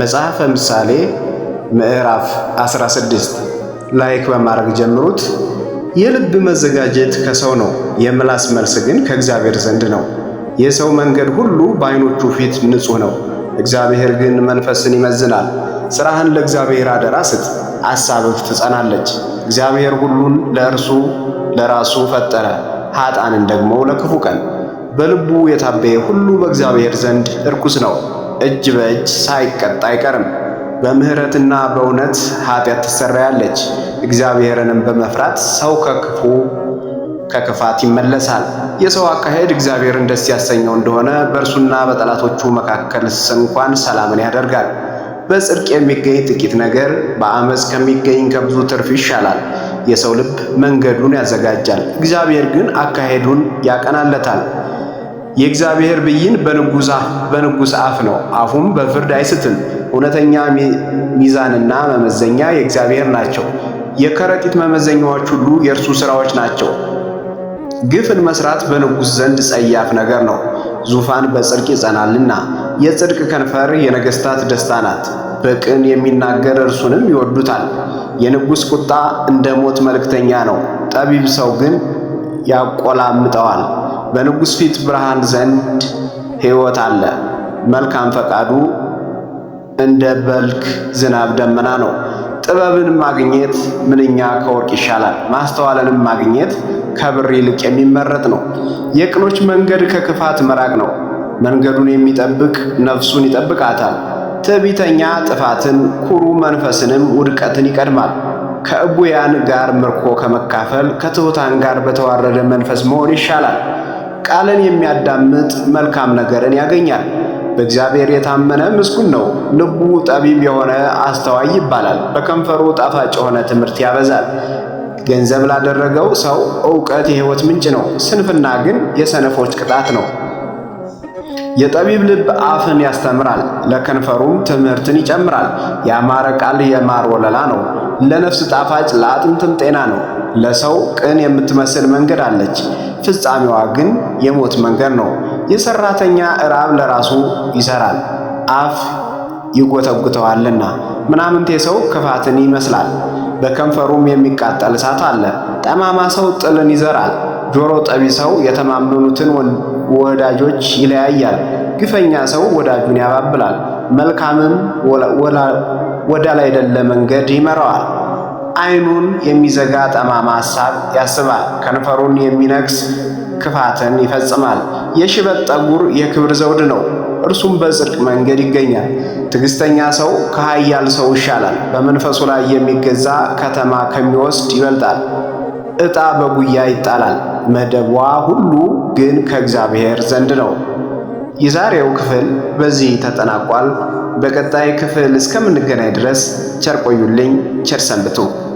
መጽሐፈ ምሳሌ ምዕራፍ 16 ላይክ በማድረግ ጀምሩት። የልብ መዘጋጀት ከሰው ነው፣ የምላስ መልስ ግን ከእግዚአብሔር ዘንድ ነው። የሰው መንገድ ሁሉ በዓይኖቹ ፊት ንጹሕ ነው፣ እግዚአብሔር ግን መንፈስን ይመዝናል። ሥራህን ለእግዚአብሔር አደራ ስጥ፣ አሳብህ ትጸናለች። እግዚአብሔር ሁሉን ለእርሱ ለራሱ ፈጠረ፣ ኀጣንን ደግሞ ለክፉ ቀን። በልቡ የታበየ ሁሉ በእግዚአብሔር ዘንድ እርኩስ ነው። እጅ በእጅ ሳይቀጣ አይቀርም። በምሕረትና በእውነት ኃጢአት ትሰራያለች። እግዚአብሔርንም በመፍራት ሰው ከክፉ ከክፋት ይመለሳል። የሰው አካሄድ እግዚአብሔርን ደስ ያሰኘው እንደሆነ በእርሱና በጠላቶቹ መካከል እንኳን ሰላምን ያደርጋል። በጽድቅ የሚገኝ ጥቂት ነገር በአመፅ ከሚገኝ ከብዙ ትርፍ ይሻላል። የሰው ልብ መንገዱን ያዘጋጃል፣ እግዚአብሔር ግን አካሄዱን ያቀናለታል። የእግዚአብሔር ብይን በንጉሥ አፍ ነው፣ አፉም በፍርድ አይስትም። እውነተኛ ሚዛንና መመዘኛ የእግዚአብሔር ናቸው። የከረጢት መመዘኛዎች ሁሉ የእርሱ ሥራዎች ናቸው። ግፍን መስራት በንጉሥ ዘንድ ጸያፍ ነገር ነው፣ ዙፋን በጽድቅ ይጸናልና። የጽድቅ ከንፈር የነገሥታት ደስታ ናት፣ በቅን የሚናገር እርሱንም ይወዱታል። የንጉሥ ቁጣ እንደ ሞት መልእክተኛ ነው፣ ጠቢብ ሰው ግን ያቆላምጠዋል። በንጉሥ ፊት ብርሃን ዘንድ ሕይወት አለ። መልካም ፈቃዱ እንደ በልክ ዝናብ ደመና ነው። ጥበብን ማግኘት ምንኛ ከወርቅ ይሻላል። ማስተዋልንም ማግኘት ከብር ይልቅ የሚመረጥ ነው። የቅኖች መንገድ ከክፋት መራቅ ነው። መንገዱን የሚጠብቅ ነፍሱን ይጠብቃታል። ትዕቢተኛ ጥፋትን፣ ኩሩ መንፈስንም ውድቀትን ይቀድማል። ከእቡያን ጋር ምርኮ ከመካፈል ከትሑታን ጋር በተዋረደ መንፈስ መሆን ይሻላል። ቃልን የሚያዳምጥ መልካም ነገርን ያገኛል። በእግዚአብሔር የታመነ ምስጉን ነው። ልቡ ጠቢብ የሆነ አስተዋይ ይባላል። በከንፈሩ ጣፋጭ የሆነ ትምህርት ያበዛል። ገንዘብ ላደረገው ሰው እውቀት የሕይወት ምንጭ ነው። ስንፍና ግን የሰነፎች ቅጣት ነው። የጠቢብ ልብ አፍን ያስተምራል፣ ለከንፈሩም ትምህርትን ይጨምራል። ያማረ ቃል የማር ወለላ ነው፣ ለነፍስ ጣፋጭ ለአጥንትም ጤና ነው። ለሰው ቅን የምትመስል መንገድ አለች፣ ፍጻሜዋ ግን የሞት መንገድ ነው። የሰራተኛ እራብ ለራሱ ይሰራል፣ አፍ ይጎተጉተዋልና። ምናምንቴ ሰው ክፋትን ይመስላል፣ በከንፈሩም የሚቃጠል እሳት አለ። ጠማማ ሰው ጥልን ይዘራል፣ ጆሮ ጠቢ ሰው የተማመኑትን ወዳጆች ይለያያል። ግፈኛ ሰው ወዳጁን ያባብላል፣ መልካምም ወዳ ላይደለ መንገድ ይመራዋል። ዓይኑን የሚዘጋ ጠማማ ሐሳብ ያስባል፣ ከንፈሩን የሚነክስ ክፋትን ይፈጽማል። የሽበት ጠጉር የክብር ዘውድ ነው፣ እርሱም በጽድቅ መንገድ ይገኛል። ትግስተኛ ሰው ከኃያል ሰው ይሻላል፣ በመንፈሱ ላይ የሚገዛ ከተማ ከሚወስድ ይበልጣል። ዕጣ በጉያ ይጣላል መደቧ ሁሉ ግን ከእግዚአብሔር ዘንድ ነው። የዛሬው ክፍል በዚህ ተጠናቋል። በቀጣይ ክፍል እስከምንገናኝ ድረስ ቸር ቆዩልኝ፣ ቸር ሰንብቱ።